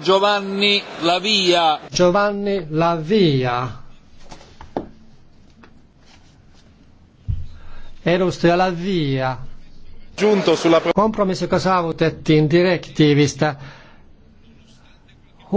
Giovanni Lavia. Giovanni Lavia. Edustaja Lavia. Kompromissi, joka saavutettiin direktiivistä,